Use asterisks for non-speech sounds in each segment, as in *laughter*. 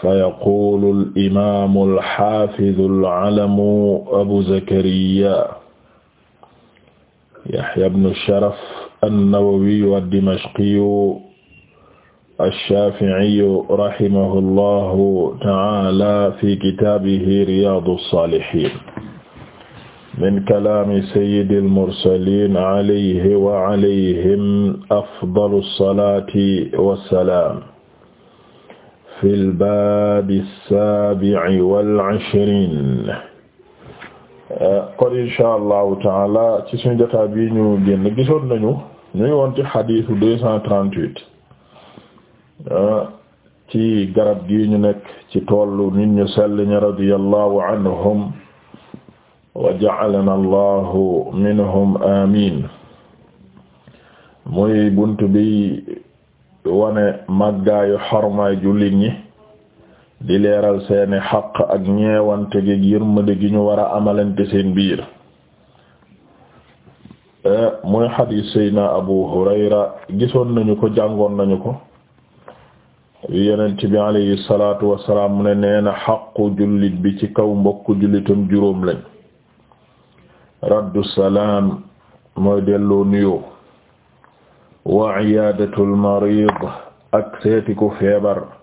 fayaqulu al-imaamu al-haafidu al-alamu abu zakariyaa yahya ibnu sharaf an-nawawiyu ad-dimashqiyu ash-shaafi'iyu rahimahu llahu ta'aala fi kitaabihi riyaadu s-saalihiin min kalaami sayyidi al-mursaliin alayhi wa alayhim afdalu s-salaati wa s-salaam fi lbaabi saabi'i wal ishriin kon insha allahu taala ci suñu jotaa bi ñu génn gisoon nañu ñu ngi woon ci xadiisu deux cent trente-huit euh, ci garab gi ñu nekk ci toolu nit ñu sell ñi radiyallahu anhum wa ja'alana minhum amiin muy buntu bi wane màggaayu xormaay jullit ñi di leeral seeni xaq ak ñeewante gi yërmande gi ñu war a amalante seen biir eh, muy xadiis Seydina Abu Hurayra gisoon nañu ko jàngoon nañu ko yonent bi alayhi salaatu wassalaam mu ne nee xaqu jullit bi ci kaw mbokku jullitam juróom lañ raddu salaam mooy delloo nuyoo wa ciyaadatul mariid ak seeti ku feebar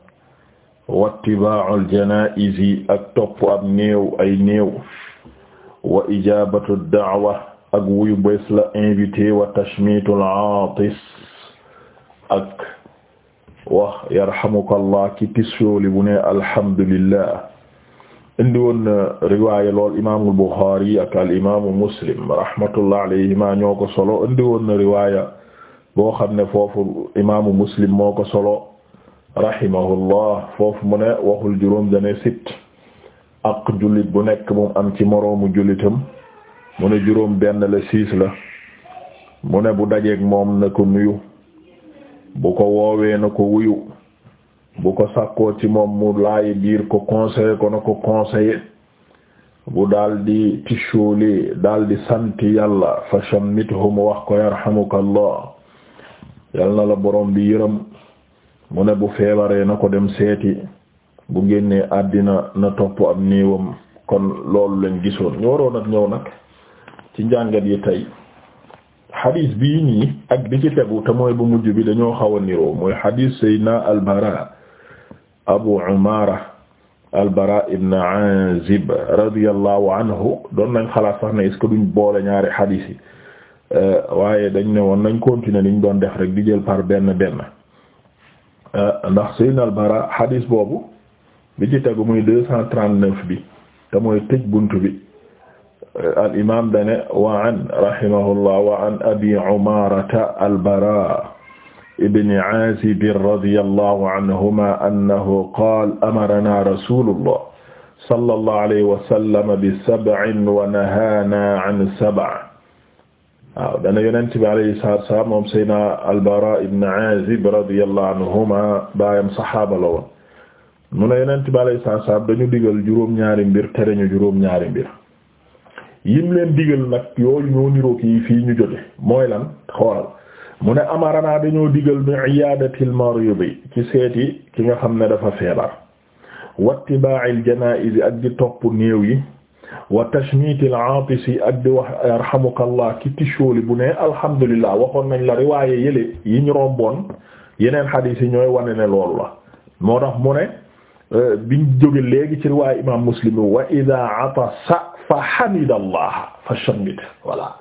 wa ittibaa'ul janaa'iz ak topp ab néew ay néew wa ijaabatu da'wa ak wuyu bés la invité wa tashmiitul aatis ak wax yarhamukallah ki tissooli bu ne alhamdulillah indi woon riwaaya lool imaamul Buxaari ak al imaamu Muslim rahmatullah alayhima ñoo ko solo indi woon riwaaya boo xam ne foofu imaamu muslim moo ko solo rahimahullah foofu mu ne waxul juróom dane sit ak jullit bu nekk mu am ci moroomu jullitam mu ne juróom benn la siis la mu ne bu dajeeg moom na ko nuyu bu ko woowee na ko wuyu bu ko sàkkoo ci moom mu laayi biir ko conseiller ko na ko conseiller bu daldi tissuuli daldi sant yàlla fa shammithum wax ko yarhamukallah yalna la borom bi yërëm mu bu feebaree na ko dem seeti bu génne àddina na topp am néewam kon loolu lañ gisoon ñu waroon ak ñëw nag ci njàngat yi tey xadiis bii nii ak bi ci tegu te mooy bu mujj bi dañoo xaw a niroo mooy xadiis Seydina Albara Abu Umaara Albara ibn Azib radiyallahu anhu doon nañ xalaat sax ne est-ce duñ boole ñaari xadiis Euh, waaye dañ ne woon nañ continuer liñ doon def rek di jël par benn benn euh, ndax Sayyidina al-Bara hadis boobu bi ci tegu muy deux cent trente-neuf bi te mooy tëj buntu bi euh, al imam dane wa an rahimahullah wa an abi umarata al-Bara ibni Aazib radiyallahu anhuma annahu qaala amarana rasulullah sallallahu alayhi wa sallam bi sab'in wa nahaana an sab'in waaw dana yonent bi alayhi salaatu salaam moom Seydina al-Baraa ibn Aazib radiyallahu anhuma baayam saxaaba la woon mu ne yonent bi alayhi salaatu salaam dañu digal juróom-ñaari mbir tere ñu juróom-ñaari yim leen digal nag yooyu ñoo niroog yi fii ñu jote mooy lan xoolal mu ne amaranaa dañoo digal bi iyaadatil mariidi ci seeti ki nga xam ne dafa feebar wattibaa'il janaa'iz ak di topp néew yi wa tashmiitil aatisi ak di wax yarhamukallah ki tishooli bu ne alhamdulillah waxoon nañ la riwaaye yële yi ñu romboon yeneen xadiis yi ñooy wane ne loolu la moo tax mu ne euh, biñ jóge léegi ci riwaaye imaam muslim wa idaa atasa fa hamidallah fa shammit voilà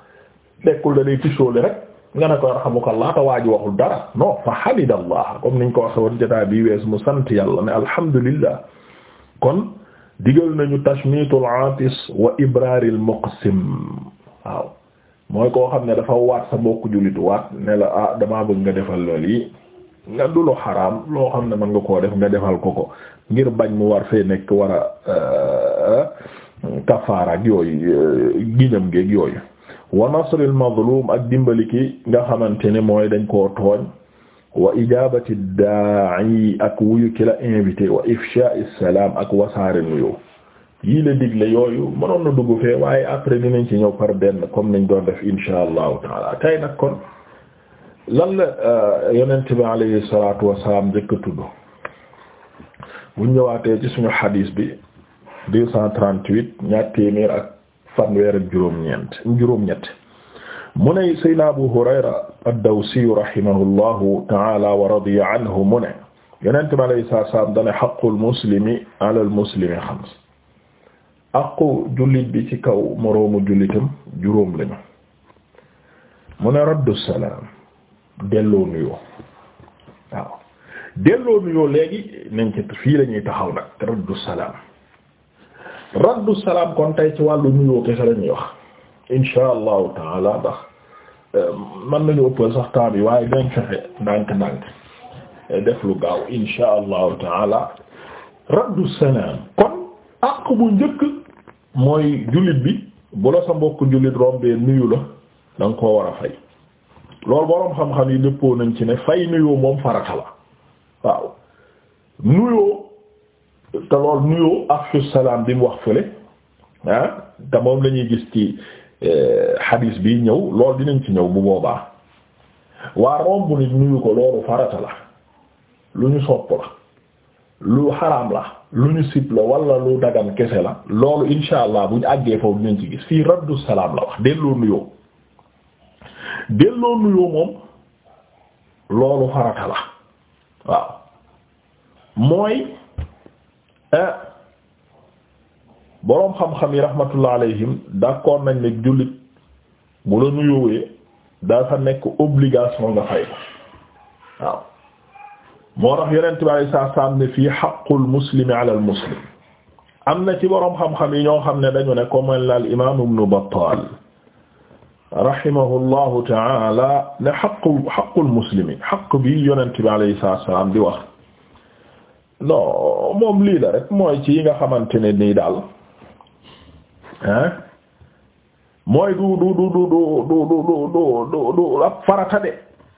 nekkul da day tishooli rek nga ne ko yarhamukallah te waa ji waxul dara non fa hamidallah comme niñ ko waxee woon jotaay bii wees mu sant yàlla ne alhamdulillah kon. digal nañu tashmitul aatis wa ibraaril muqsim waaw mooy koo xam ne dafa waat sa mbokku jullit waat ne la ah damaa bëgg nga defal lool yi nga du lu xaraam loo xam ne mën nga koo def nga defal ko ko ngir bañ mu war fee nekk war a euh, kafaara ak yooyu euh, giñam geeg yooyu wa nasril mazlum ak dimbali ki nga xamante ne mooy dañ koo tooñ wa ijabati daa'i ak wuyu kila invité wa ifshaa'i salaam ak wasaare nuyoo yii la digle yooyu mënoon na dugg fee waaye après dinañ ci ñëw par benn comme nañ doon def insha allahu taala tay nag kon lan la euh, yonent bi alayhi salaatu wassalaam njëkk a tudd ñëwaatee ci suñu xadiis bi deux cent trente-huit ñaar téeméer ak fanweer juróom-ñeent juróom-ñett mu ne Seydina Abu Hurayra ad-Dawsi rahimahullahu ta'ala wa radiya anhu mu ne Yonent bi alayhi salaatu wa salaam dane haqqul muslimi alal muslimi xams aqu jullit bi ci kaw moroomu jullitam juróom lañu mu ne raddu salaam delloo nuyoo waaw delloo nuyoo léegi nañ ci fii la ñuy taxaw nag raddu salaam raddu salaam kon tey ci wàllu nuyoo kese la ñuy wax. insha allahu taala ndax euh, man nañu ëppal sax temps bi waaye dañ fexe ndànk-ndànk euh, def lu gaaw insha allahu taala raddu salam kon àq bu njëkk mooy jullit bi bu la sa mbokk jullit rombee nuyu la da koo war a fay loolu boroom xam-xam yi dëppoo nañ ci ne fay nuyoo moom farata la waaw nuyoo te lool nuyoo afshu salaam bi mu wax fële ah, te moom lañuy gis ci xadiis bi ñëw loolu dinañ ci ñëw bu boobaa waa romb nit nuyu ko loolu farata la lu ñu sopp la lu xaraam la lu ñu sib la wala lu dagan kese la loolu insha allah buñ àggee foofu dinañ ci gis fii raddu salaam la wax delloo nuyoo delloo nuyoo moom loolu farata la waaw mooy. Eh, boroom xam-xam yi rahmatullah alayhim d'accord nañ ne jullit bu la nuyoowee dafa nekk obligation nga fay ko waaw moo tax yonent bi alayhi salaam ne fii haqqul muslimi ala al am na ci boroom xam-xam yi ñoo xam ne dañu ne comme al imaam ibn Battal rahimahullahu ta'ala ne haqqu haqqul muslimi haqq bi yonent bi alayhi salaam di wax non moom lii la rek mooy ci yi nga xamante ne nii daal. ah mooy du du du du du du du du du du farata de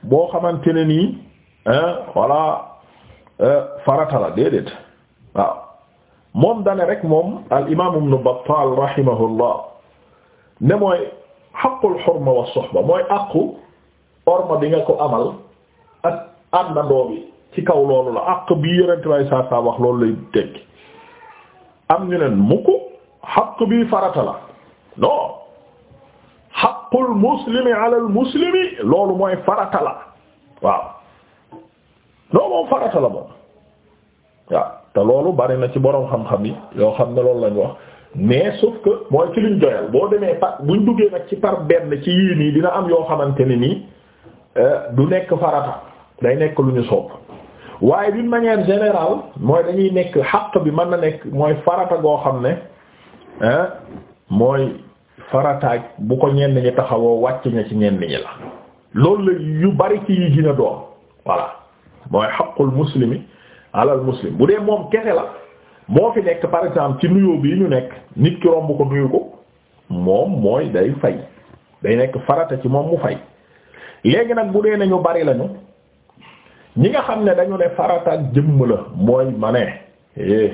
boo xamante ne nii voilà farata la déedéet waaw moom dane rek moom al imaam ibn Battal rahimahullah ne mooy xaqul xorma wa soxba mooy aqu orma bi nga ko amal ak na bi ci kaw loolu la àq bi yonent bay saa wax loolu lay tekki am ñu ne mukk xaq bi farata la non xaqul muslimi ala muslimi loolu mooy farata la waaw non moom farata la moom waaw te loolu bari na ci boroom xam-xam yi yoo xam ne loolu lañu wax mais sauf que mooy ci liñ doyal boo demee par buñ duggee nag ci par benn ci yii nii dina am yoo xamante ne nii euh, du nekk farata day nekk lu ñu sopp waaye d'une manière générale mooy dañuy nekk xaq bi mën na nekk mooy farata goo xam ne. mooy farataaj bu ko ñenn ñi taxawoo wàcc na ci ñenn ñi la loolu la yu bari ci yi gën a doon voilà mooy xaqul muslimi alal muslim bu dee moom kese la moo fi nekk par exemple ci nuyoo bii ñu nekk nit ki romb ko nuyu ko moom mooy day fay day nekk farata ci moom mu fay léegi nag bu dee nañu bari lañu ñi nga xam ne dañu ne farata ak jëmm la mooy ma ne eh,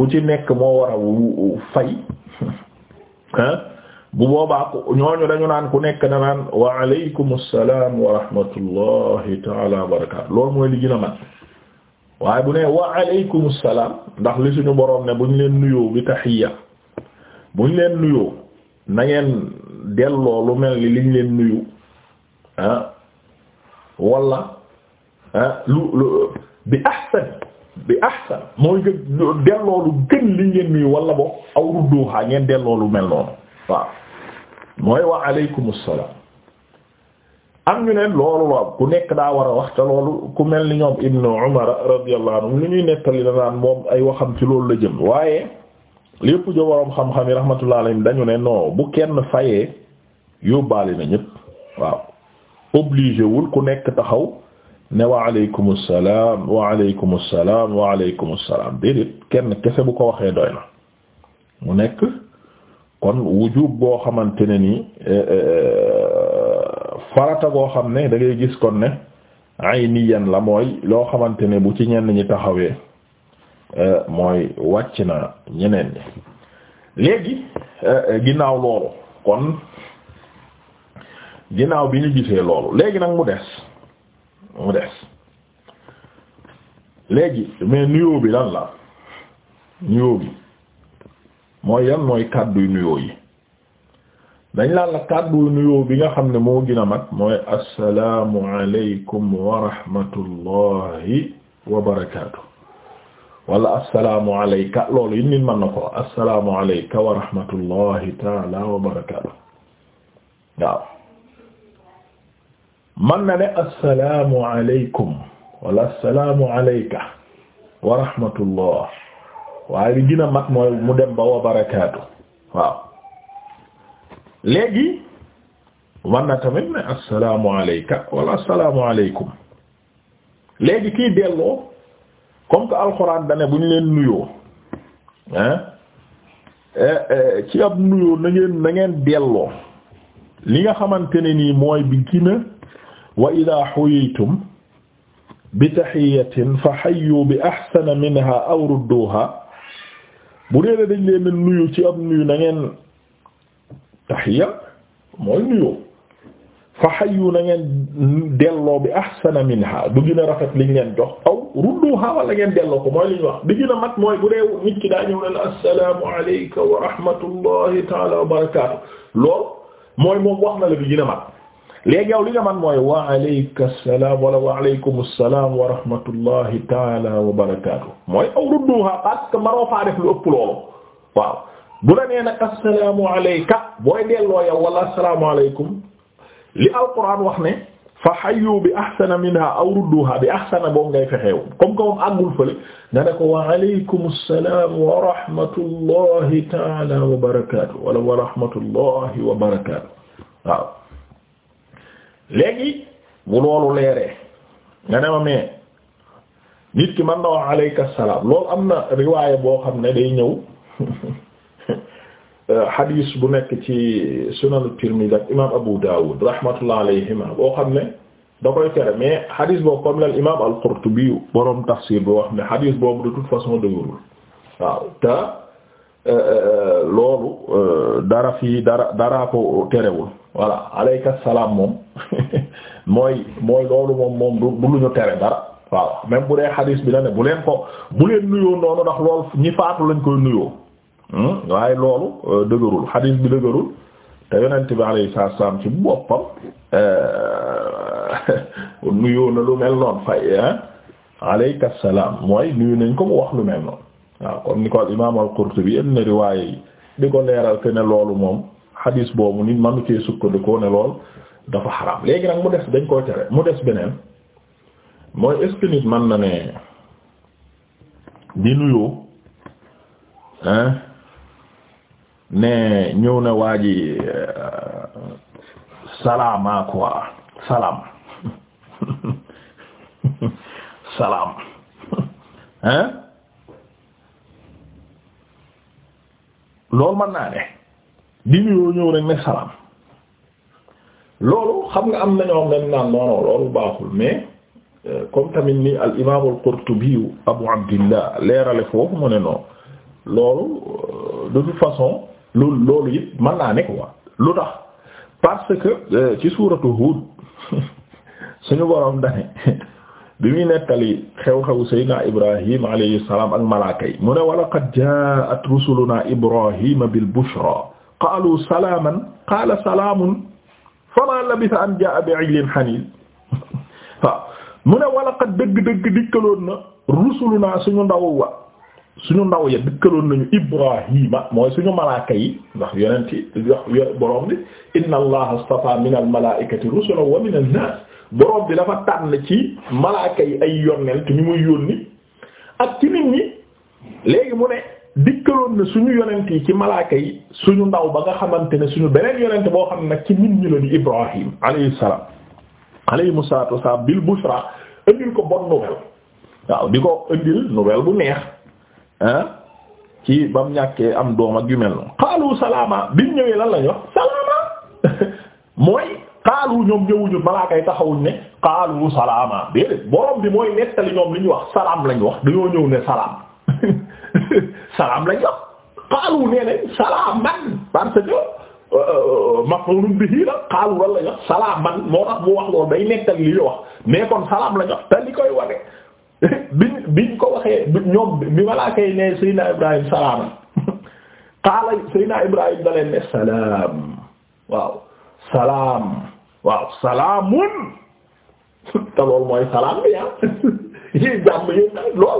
ku ci nekk moo war a fay *laughs* bu boobaa ñooñu dañu naan ku nekk na naan wa aleykum salaam wa rahmatullahi taala wa barakaatu loolu mooy li gën a waaye bu ne wa aleykum salaam ndax li suñu boroom ne buñ leen nuyoo bi taxiya buñ leen nuyoo na ngeen delloo lu mel ni liñ leen nuyu ah lu lu bi ahsan bi ahsan mooy nga delloo gën li ngeen nuyu wala boog aw rudduha ngeen delloo lu mel noonu waaw mooy wax aleykum salaam am ñu ne loolu lool ku nekk daa war a wax te loolu ku mel ni ñoom Ibnu Umar radiyallahu anhu li ñuy nettali da naan moom ay waxam ci loolu la jëm waaye lépp jo waroom xam-xam yi rahmatullahi alayhim dañu ne non bu kenn fayee yóbbaale na ñépp waaw obligé ku nekk taxaw. ne waaleykum salaam waaleykum salaam waaleykum salaam déedéet kenn kese bu ko waxee doy na mu nekk kon wujub boo xamante ne nii eh, eh, eh, farata goo xam ne dangay gis kon ne ay niyan la mooy loo xamante ne bu ci ñenn ñi taxawee mooy wàcc na ñeneen ñi léegi ginnaaw loolu kon ginnaaw bi ñu gisee loolu léegi nag mu des. mu des léegi mais nuyoo bi lan la nuyoo mooy yan mooy kàdduy nuyoo yi dañ laan la kàdduy nuyoo bi nga xam ne moo gën a mat mooy assalaamu alaykum wa rahmatullahi wa barakaatu wala assalaamu alayka loolu yi nit mën na ko assalaamu alayka wa taala wa waaw man na ne assalaamu alaykum wala assalaamu alayka wa rahmatullah waaye li gën a mat mooy mu dem ba wa barakaatu waaw léegi man na tamit ne assalaamu alayka wala assalaamu alaykum léegi kii delloo comme que alxuraan dane bu ñu leen nuyoo eh, eh, ci ab nuyoo na ngeen na delloo li nga xamante ne nii mooy bi gën wa idaa xuyiitum bi taxiyatin fa xayu bi axsana minha aw rudduha bu dee dañ leen nuyu ci ab nuyu na ngeen taxiya mooy nuyoo fa xayu na ngeen delloo bi axsana minha bu gën a rafet liñ leen jox aw rudduha wala ngeen delloo ko mooy liñ wax bi gën a mat mooy bu dee nit ki daa ñëw ne la assalaamu alayka wa rahmatullahi taala wa barakaatu lool mooy moom wax na la bi gën a mat léegi yow li nga man mooy wa alayka salaam wala wa alaykum salaam wa rahmatullahi taala wa barakaatu mooy aw rudduha parce que maroo faa def lu ëpp loolu waaw bu la nee nag assalaamu alayka booy delloo yow wala assalaamu alaykum li alquran wax ne fa hayyu bi ahsana minha aw rudduha bi ahsana boobu ngay fexeew comme que moom àggul fële nga ne ko wa alaykum salaam wa rahmatullahi taala wa barakaatu wala wa rahmatullahi wa barakaatu waaw léegi bu loolu leeree nga ne ma mais nit ki mën na wax aleyka salaam loolu am na riwaaya boo xam ne day ñëw xadiis *laughs* euh, bu nekk ci sunan Tirmidhi ak imaam Abu Dawud rahmatullah alayhima boo xam ne da koy tere mais xadiis boobu comme lal imaam al-Qurtubi boroom tafsir bi ne xadiis boobu de toute façon dëgërul waaw te euh, euh, loolu dara fii dara daraa ko terewul voilà aleyka salaam moom *laughs* mooy mooy loolu moom moom du lu ñu tere dara waaw même bu dee xadiis bi la ne bu leen ko bu leen nuyoo noonu ndax loolu ñi faatu lañ koy nuyoo hmm? waaye loolu euh, dëgërul xadiis bi dëgërul te yonent bi alayhi salaam ci boppam euh, *laughs* nuyoo na lu mel noonu fay aleyka salaam mooy nuyu nañ ko mu wax lu mel noonu waaw comme ni ko al imaam al Qurtubi am na riwaaya yi di ko leeral ke loolu moom xadiis boobu nit manu cee sukkandikoo ne lool dafa xaraam léegi nag mu des dañ koy tere mu des beneen mooy est nit mën na ne di nuyoo hein ne ñëw na waa ji salaamaa euh, salaam *laughs* salaam hein loolu mën naa ne di nuyoo ñëw rek ne salaam loolu xam nga am nañoo mel naan noonu loolu baaxul mais euh, comme tamit ni al imaam al Qurtubi Abu Abdillah leerale foofu mu ne noonu loolu euh, de toute façon loolu loolu it mën naa ne quoi lu tax parce que euh, ci suuratu Hud *laughs* suñu boroom dane *laughs* bi muy nettali xew-xew Seydina Ibrahim alayhi salaam ak malaaka yi mu ne wa laqad jaa'at rusulunaa bi bil bushraa qaalu salaaman qaala salaamun famaa labisa an jaa bi ijlin haniid *laughs* waaw mu ne walaqad dëgg-dëgg dikkaloon na rusulunaa suñu ndaw wa suñu ndaw ya dikkaloon nañu Ibrahima mooy suñu malaaka yi ndax yonent yi wax borom bi inna allaha astafaa min almalaikati rusulan wa min annaas borom bi dafa tànn ci malaaka yi ay yonent ñu muy yónni ak ci nit ñi léegi mu ne dikkaloon na suñu yonent yi ci malaaka yi suñu ndaw ba nga xamante ne suñu beneen yonent boo xam ne nag ci nit ñi la di Ibrahim alayhi salaam alayhi salaatu wa salaam bil bushra indil ko bonne nouvelle di ko bu neex ah am doom ak yu mel bi ñu lan lañu wax *laughs* mooy xaalu ñoom ñëwuñu malaaka yi ne xaalu salaama déedéet borom bi mooy nettali ñoom wax salaam lañu wax dañoo ñëw ne salaam. *laughs* *laughs* salaam lañ wax xaalu nee nañ salaaman parce que euh, euh, maf'ulun bihi la xaalu lan lañ wax moo tax mu wax loolu day nekkal li ñu wax mais kon salaam lañ wax koy wane *laughs* biñ biñ ko waxee ñoom bi malaa kay ne Seydina Ibrahim salaama *laughs* xaala Seydina Ibrahim da ne salaam waaw salaam waaw salaamun te loolu mooy salaam bi ah. yéen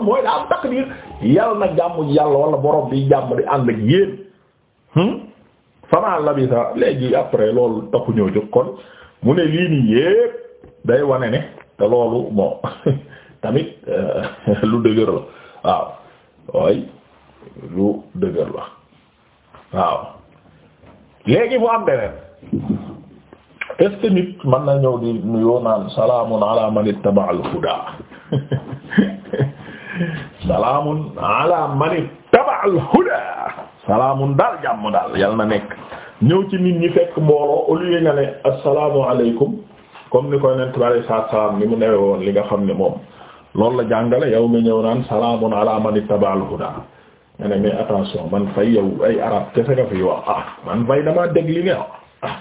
mooy daa am takdir yàlla na jàmm yàlla wala borom bi jàmm di ànd ak yéen. Hmm? famaa labisa léegi après loolu taxu ñëw jóg kon mu ne lii nii yépp day wane ne te loolu bon *laughs* tamit euh, *laughs* lu dëgër la waaw ooy lu dëgër la waaw léegi mu am beneen est-ce na ñëw di nuyoo naan salaamun ala man ittaba al huda salaamun ala mani taba al huda salaamun daal jàmm daal yal na nekk ñëw ci nit ñi fekk mbooloo au lieu nga ne assalaamu alaykum comme ni koy nent bi alei salaam ni mu newee woon li nga xam ne moom loolu la jàngale yow mi ñëw naan salaamun ala mani taba al huda nga ne mais attention man fay yow ay arab kese nga fi wax ah man fay damaa dégg li nga wax ah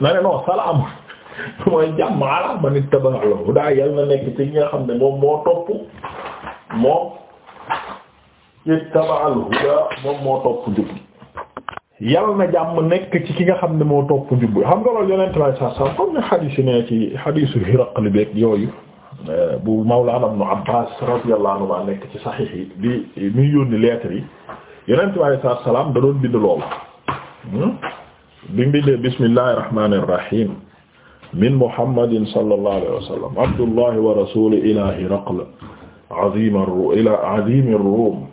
na ne non salaamun mooy jàmm ala mani taba al yal na nekk ci nga xam ne moom moo topp moom ittaba al huda moom moo topp njub yal na jàmm nekk ci ki nga xam ne moo topp njub xam nga loolu yonent bi saa saa comme Hiraql beek yooyu eh, bu Mawlaana Ibnu Abbaas radiyallahu anhumaa nekk ci saxiix yi di muy yónni lettre yi yonent bi saa salaam da doon bind loolu hmm? bi mu bindee bismillahir rahmaanir rahiim min Muhammadin sallallahu alayhi wa sallam abdullahi wa rasuulihi Hiraql azima ila azimi Rum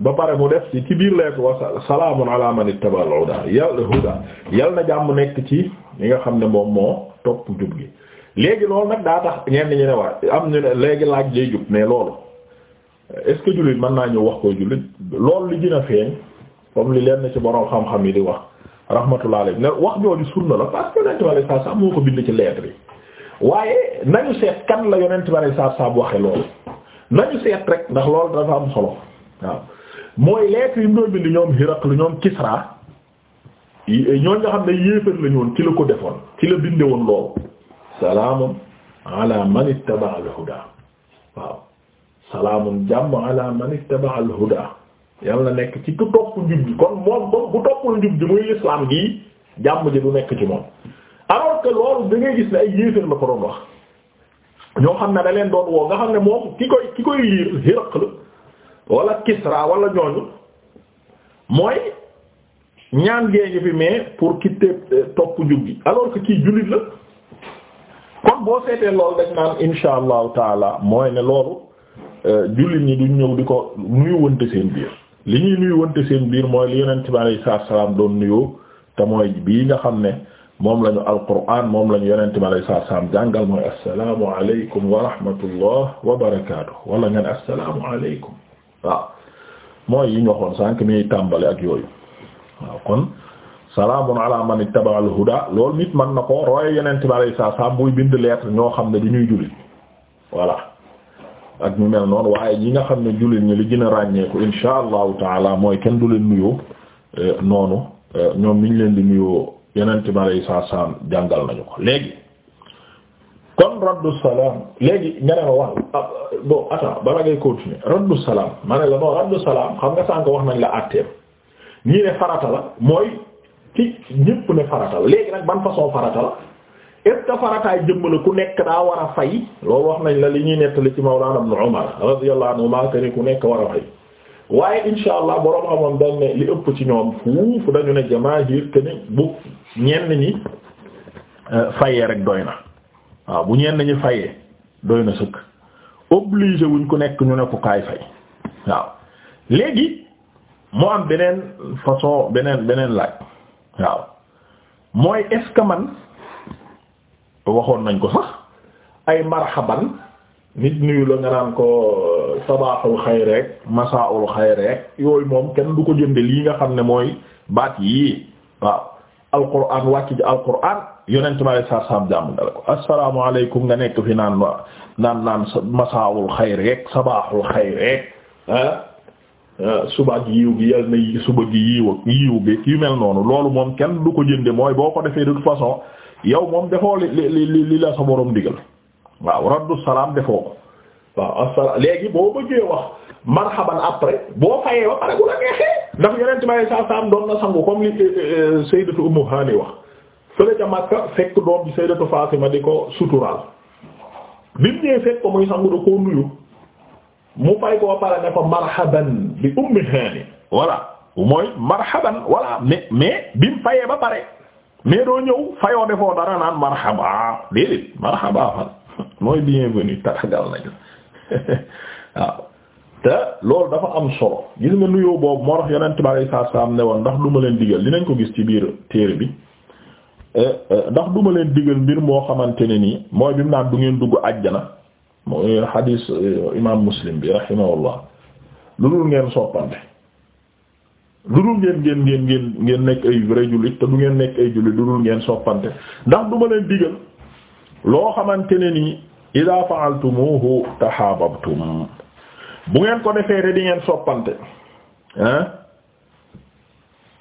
ba pare mu def ci ci biir lettre wa salaamun ala man ittaba al-huda yal huda yal na jàmm nekk ci li nga xam ne moom moo topp jub gi léegi loolu nag daa tax ñenn ñi ne waa am ñu ne léegi laaj lay jub mais loolu est que jullit mën naa ñu wax ko jullit loolu li gën a feeñ comme li leen ci borom xam-xam yi di wax rahmatullah alayhi ne wax jooju sunna la parce que yonent bi saa saa moo ko bind ci lettre yi waaye nañu seet kan la yonent bi saa saa waxee loolu. nañu seet rek ndax loolu dafa am solo waaw mooy lettre yi mu doon bind ñoom Hiraql ñoom Kisra ñooñ nga xam ne yéefar lañu woon ci la ko defoon ci la binde woon loolu salaamun ala man ittaba'a al-huda waaw salaamun jàmm ala man ittaba'a al-huda yàlla nekk ci ku topp njub ji kon moom moom bu toppul njub ji muy islam gi jàmm ji du nekk ci moom alors que loolu da gis ne ay yéefar la ko doon wax ñoo xam ne da leen doon woo nga xam ne moom ki koy ki koy liir Hiraql wala Kisra wala ñooñu mooy ñaan gee ngi fi mais pour ki topp jug gi alors que kii jullit la kon boo seetee loolu dañ naan insha allahu taala mooy ne loolu euh, jullit ñi duñ ñëw di ko nuyu wante seen biir li ñuy nuyu wante seen biir mooy li yonent bi alayhi salaam doon nuyoo te mooy bii nga xam ne moom lañu alquraan moom lañu yonente bi alayhi salaatu salaam jàngal mooy assalaamu aleykum wa rahmatullah wa barakaatuh wala ngeen assalaamu aleykum waaw mooy yi ñu waxoon mi tàmbali ak yooyu waaw kon salaamun ala man ittaba al huda loolu nit mën na ko roye yonente bi alayhi salaatu salaam buy bind lettre ñoo xam ne di ñuy jullit voilà ak ñu mel noonu waaye ñi nga xam ne jullit ñi li gën a ràññeeku insha allahu taala mooy kenn du leen nuyoo euh, noonu euh, ñoom niñ leen di nuyoo. yeneen tubaab yi saa saa jàngal nañu ko léegi kon raddu salaam léegi nga ne ma wax bon attends bala ngay continuer raddu salaam ma la non raddu salaam xam nga sànq wax nañ la àtteem ñii ne farata la mooy ci ñépp ne farata la léegi nag ban façon farata la est ce farataay jëmm la ku nekk daa war a fay loolu wax nañ la li ñuy nettali ci Mawlana Ibn Umar radiyallahu anhuma que ni ku nekk war a fay. waaye insha allah borom xamoon dañ ne li ëpp ci ñoom ñenn ñi euh, fayee rek doy na waaw bu ñenn ñi fayee doy na sëkk obligé wuñ ku nekk ñu ne ko kaay fay waaw léegi moo am beneen façon beneen beneen laaj waaw mooy est-ce que man waxoon nañ ko sax ay marhaban nit nuyu la nga naan ko euh, sabaaxul xayr rek masaaul xayr rek yooyu moom kenn du ko jënde lii nga xam ne mooy baat yii waaw alquran wàcc ci alquran yonent ma lay saa saam jàmm nga la ko asalaamaaleykum nga nekk fi naan naan naan masaawul xayr rek sabaaxul xayr rek ah, ah suba gi yiiw gi yal na suba gi yiiw ak yiiw bi yu mel noonu loolu moom kenn du ko jënde mooy boo ko defee de toute façon yow moom defoo li li li li la sa borom digal waaw raddu salaam defoo waaw asalaam léegi boo bëggee wax. marhaban après boo fayee ba pare bu la neexee ndax yeneen tubaab yi saa saa doon na sangu comme li euh, euh, sayyidatu Ummu Hani wax fële ca fekk doom bi sayyidatu Fatima di ko suturaal bi mu ñëwee fekk ko muy sangu da koo nuyu mu fay ko ba pare ne ko marhaban bi Ummu Hani voilà mooy marhaban voilà mais mais bi mu fayee ba pare mais doo ñëw fayoo defoo dara naan marhaba déedéet marhaba fan *laughs* mooy bienvenue taragal nañu *laughs* waaw. te loolu dafa am solo gis nga nuyoo boobu moo tax yonent bi alayhi salaatu ne woon ndax du ma leen digal dinañ ko gis ci biir téere bi eh, eh, ndax du ma leen digal mbir moo xamante ne nii mooy bi mu naan du ngeen dugg àjjana mooy hadis eh, imaam muslim bi rahimahullah lu dul ngeen soppante lu dul ngeen ngeen ngeen ngeen ngeen nekk ay jullit te du ngeen nekk ay jullit lu dul ngeen soppante ndax du ma leen digal loo xamante ne nii idaa fa'altumuhu tahaababtum bu ngeen ko defee rek ngeen soppante ah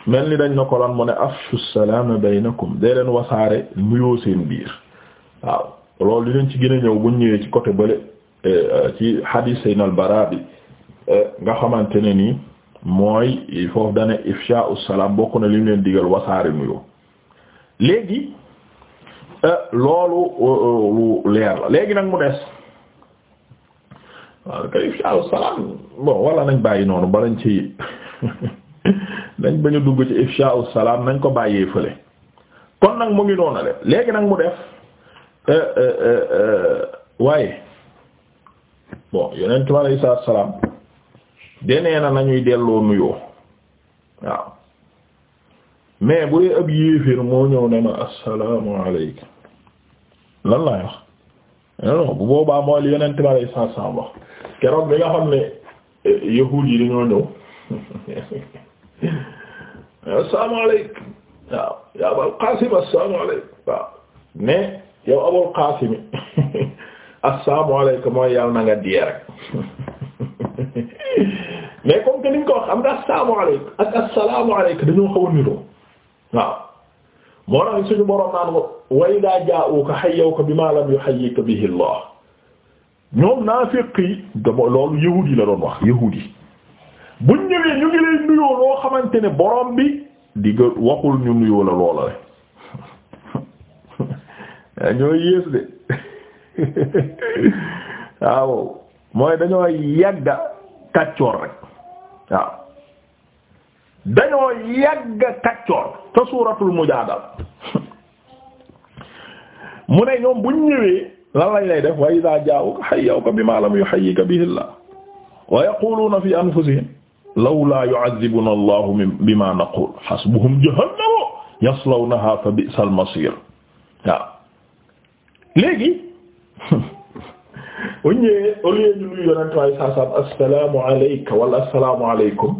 mel ni dañ na ko lan mu ne afshu salaam baynakum dee leen wasaare nuyoo seen biir waaw loolu dinañ ci gën a ñëw buñ ñëwee ci côté bële eh, ci hadith seen albara bi eh, nga xamante ne nii mooy foofu dane ifshaa'u salaam bokk na li ñu leen digal wasaare nuyoo léegi eh, loolu lu leer la léegi nag mu des waaw kay salaam bon wala nañ bàyyi noonu ba ci *laughs* nañ bañ dugg ci ifshaaru salaam nañ ko bàyyee fële kon nag mu ngi noonu le léegi nag mu def eh, eh, eh, waaye bon yonent mi alayhi salaatu salaam denee na nañuy delloo nuyoo waaw mais bu dee ab yéeféer moo ñëw ne ma assalaamu alaykum lan laay wax non bu boobaa mooy li yonent mi alayhi salaatu salaam wax keroog bi nga xam ne eh, yahuud yi dañoo ñëw assalaamu *laughs* alaykum waaw yaa abal qaasim assalaamu alaykum waaw mais yow abul qaasim assalaamu *laughs* alaykum mooy yàlla na nga diyee rek *laughs* mais comme que niñ ko wax am nga assalaamu alaykum ak assalaamu alaykum dañoo xaw a niroo waaw moo tax suñu boroom naan ko wa idaa jaa'uuka hayyawka bimaa lam yuhayyika bihi Allah ñoom naafiq yi dama loolu yahuud yi la doon wax yahuud yi buñ ñëwee ñu ngi lay nuyoo loo xamante ne borom bi di waxul ñu nuyoo la loola le *laughs* ñoo yées de *laughs* waaw mooy dañoo yàgga kàccoor rek waaw dañoo yàgga kàccoor te suuratul mujaadala *laughs* mu ne ñoom buñ ñëwee lan lañ lay def wa iza jaa'uka hayyawka bimaa lam yuhayyika bihi Allah wa yaquluuna fi anfusihim lawlaa yu'adhibuna Allahu bimaa naqul hasbuhum jahannamu yaslawnahaa fa bi'sal masiir waaw léegi *laughs* bu ñëwee au lieu ñu nuyu yonent waaye saa saam assalaamu alayka wala assalaamu alaykum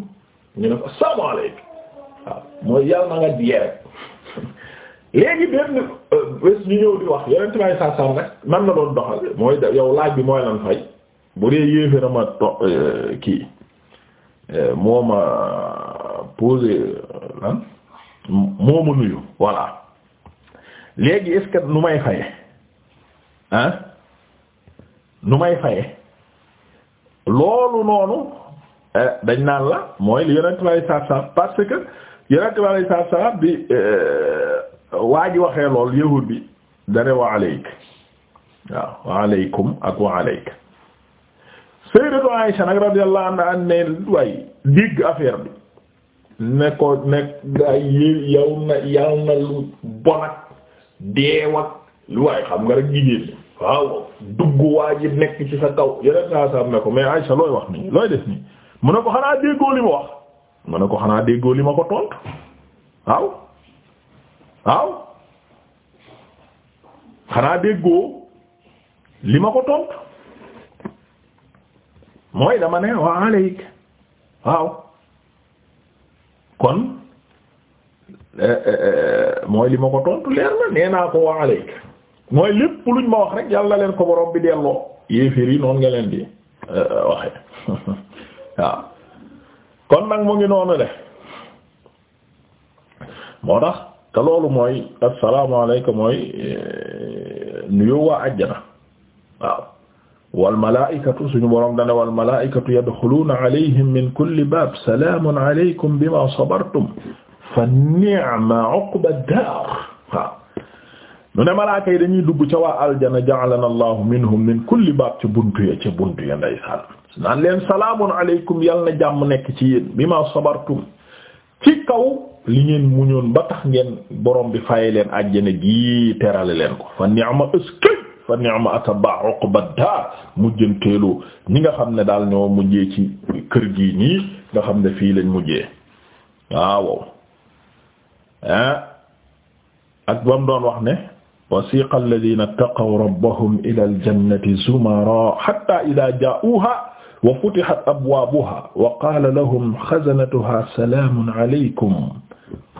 ñu ne ko assalaamu alayka waaw mooy yàlla na nga di rek léegi benn euh, bés ñu ñëw di wax yeneen tubaab yi nag nan la doon doxal mooy yow laaj bi mooy lan fay bu dee yéefee na ma to euh, kii euh, moo ma posé lan moo ma nuyu voilà léegi est nu may faye ah nu may faye loolu noonu dañ naan la mooy li yeneen tubaab yi saa saa parce que bi. waa ji waxee lool yahud bi dane wa aleyk waaw wa aleykum ak wa aleyk sayyidatu Aisha nag radiyallahu anha ne waay digg affaire bi ne ko nekk daay y yow na yal na lu bon ak deew ak lu waay xam nga rek jigéen ñi waaw dugg waa ji nekk ci sa kaw yeneen saa saa ne ko mais Aisha looy wax nii looy def nii mu ne ko xanaa déggoo li ma wax mu ne ko xanaa déggoo li ma ko tontu waaw waaw xanaa déggoo li ma ko tontu mooy dama ne wa aleyk waaw kon eh, eh, eh, mooy li ma ko tontu leer na nee naa ko wa aleyk mooy lépp luñ ma wax rek yàlla leen ko borom bi delloo yéeféer yi noonu nga leen di waxe *laughs* waaw kon nag mu ngi noonu de moo tax te loolu mooy asalaamaaleykum mooy e, nuyoo waa àjjana waaw wal malaa'ikatu suñu boroom dana wal malaa'ikatu yadxuluuna alayhim min kulli baab salaamun aleykum bimaa sabartum fa ni'ma uqba daar waaw ñu ne malaaka yi dañuy dugg ca waa aljana ja'alana allahu minhum min kulli baab ca buntu ya ca buntu ya ndeysaan naan leen salaamun aleykum yal na jàmm nekk ci yéen bimaa sabartum ci kaw li ngeen muñoon ba tax ngeen borom bi faye leen àjjana gi terale leen ko fa ni'ma ëskay fa ni'ma ataba uqba dar mujjanteelu ñi nga xam ne daal ñoo mujjee ci kër gi nii nga xam ne fii lañ mujjee waaw ah ak bam doon wax ne wasiqa alladhina taqaw rabbahum ila aljannati zumara hatta idha ja'uha wa futihat abwaabuha wa qaala lahum xazanatuha salaamun aleykum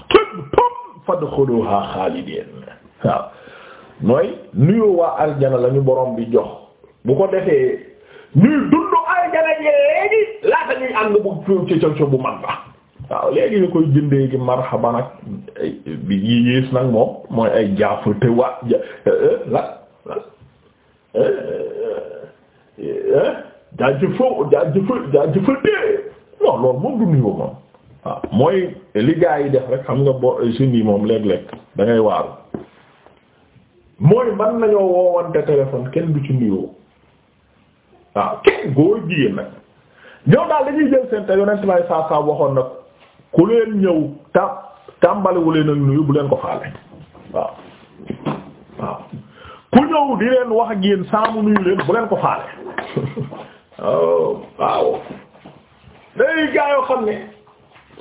tibtum fadxuluha xaalidiin waaw mooy nuyu waa aljana lañu borom bi jox bu ko defee ñuy dundu aljana ji léegi laata ñuy ànd bu ci cël bu mag ba ñu koy jëndee gi marxaban ak nag moom mooy ay jaafu te waa ja la eh, eh, la jaajëfoo jaajëfa jaajëfa dee non loolu moom du nuyoo moom waaw ah, mooy li gaa yi def rek xam nga bo jeunes yi moom léeg-léeg da ngay waaru mooy man nañoo woowante téléphone kenn du ci nuyoo waaw ah, kenn góor jigéen nag ñëw daal dañuy jël seen te yonent may saa saa waxoon nag ku leen ñëw ta tàmbaliwu leen ak nuyu bu leen ko faale waaw waaw ku ñëw di leen wax ak yéen nuyu leen bu leen ko faale *laughs* oh waaw day gaa yoo xam ne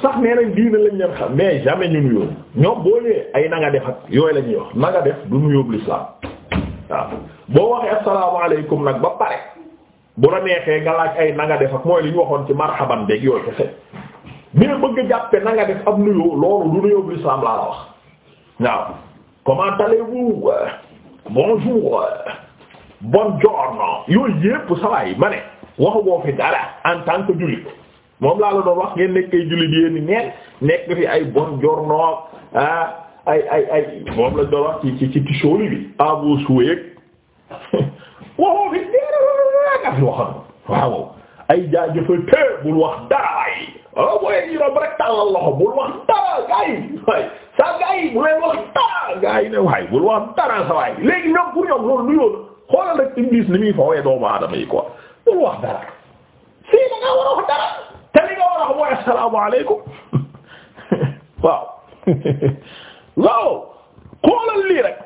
sax nee nañ diina lañ leen xam mais jamais ñu nuyoo ñoom boo lee ay na nga def ak yooyu la ñuy wax na def du nuyoo bu lislaam waaw boo waxee asalaamaaleykum nag ba pare bu la neexee nga laaj ay na def ak mooy li ñu waxoon ci marhaban beeg yooyu kese mais bëgg a jàppe na nga def ab nuyoo loolu du nuyoo bu lislaam laa la wax waaw comment allez-vous bonjour bonjour yooyu yépp sawaay ma ne wax boo fi dara en tant que jullit moom laa la doon wax ngeen nekk ay jullit yéen i neen nekk fi ay bon jornoo ah ay ay ay moom la doon wax ci ci ci tisóoli bi à vos souhaits *laughs* waxoo fi dara nga fi waxoon waaw ay jaajëfal te bul wax dara waaye waaw oh, booy yi rob rek tàllal bul wax dara gaa waay sa gaa yi bu leen wax dara gaa ne waay bul wax dara sa waay léegi ñoom pour ñoom loolu lu yoon xoolal rek iblis ni muy fawee doomu aadama yi quoi bul wax dara fii da ngaa war a wax dara te li nga war a wax mooy assalaamu alaykum *laughs* waaw *laughs* waaw xoolal lii rek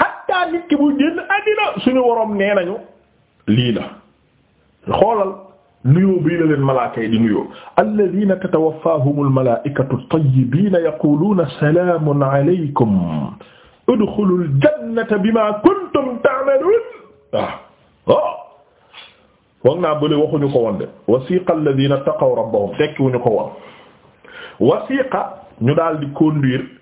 hatta nit ki bu génn àddina suñu woroom nee nañu lii la xoolal nuyoo bii la leen malaaka yi di nuyoo alladina tatawaffaahum almalaikatu tayyibina yaquluuna salaamun alaykum udxulul jannata bima kuntum ta'maluun waaw ah. oh. foog naa bële waxuñu ko woon de wasiqa alladhina taqaw rabbahum tekkiwuñu ko woon wasiqa ñu daal di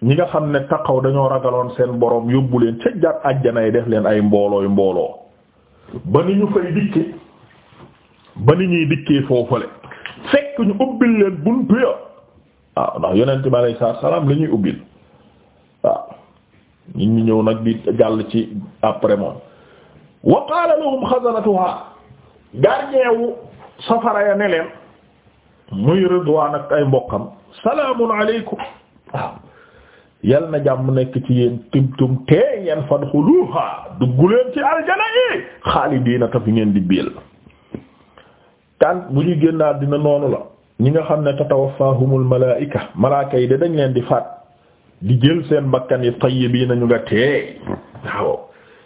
ñi nga xam ne taqaw dañoo ragaloon seen boroom yóbbu leen ca jàpp àjjana yi def leen ay mboolooy mbooloo ba ni ñu fay dikkee ba ni ñuy dikkee foofale fekk ñu ubbil leen buntu ya waaw ah, ndax yonent bi alayhi salaam la ñuy ubbil waaw ah, nit ñi ñëw nag di jàll ci après moom gardien wu safara ya ne leen muy Ridwaan ak ay mbokkam salaamun aleykum yal na jàmm nekk ci yéen tumtum te yeen fadxuluha duggu leen ci aljana yi xaalidiina ta fi ngeen di biil kan bu ñu génnaat dina noonu la ñi nga xam ne tatawaffahumul malaa'ika malaaka yi de dañ leen di faat di jël seen bakkan yi tayyibiina ñu nga teey waaw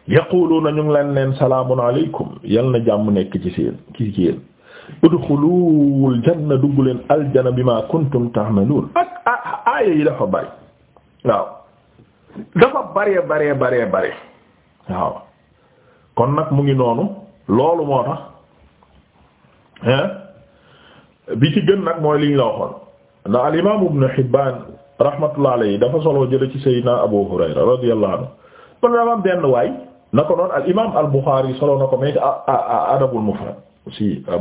yaquluuna ñu ngi leen leen salaamun aleykum yal na jàmm nekk ci seen ci yéen udxulul janna dugg leen aljana bima kuntum ta'malun ak aaya yi dafa bari waaw dafa baree baree bare waaw kon nag mu ngi noonu loolu moo tax bi ci gën nag mooy liñ la waxoon ndax al imam ibn Hibban rahmatullah dafa solo jële ci sayyidina Abu Hurayra radiyallahu anhu kon dafa am waay na ko noon al imaam al Buxaari solo na ko mais ci ah, ah, ah, Adabul Mufrad aussi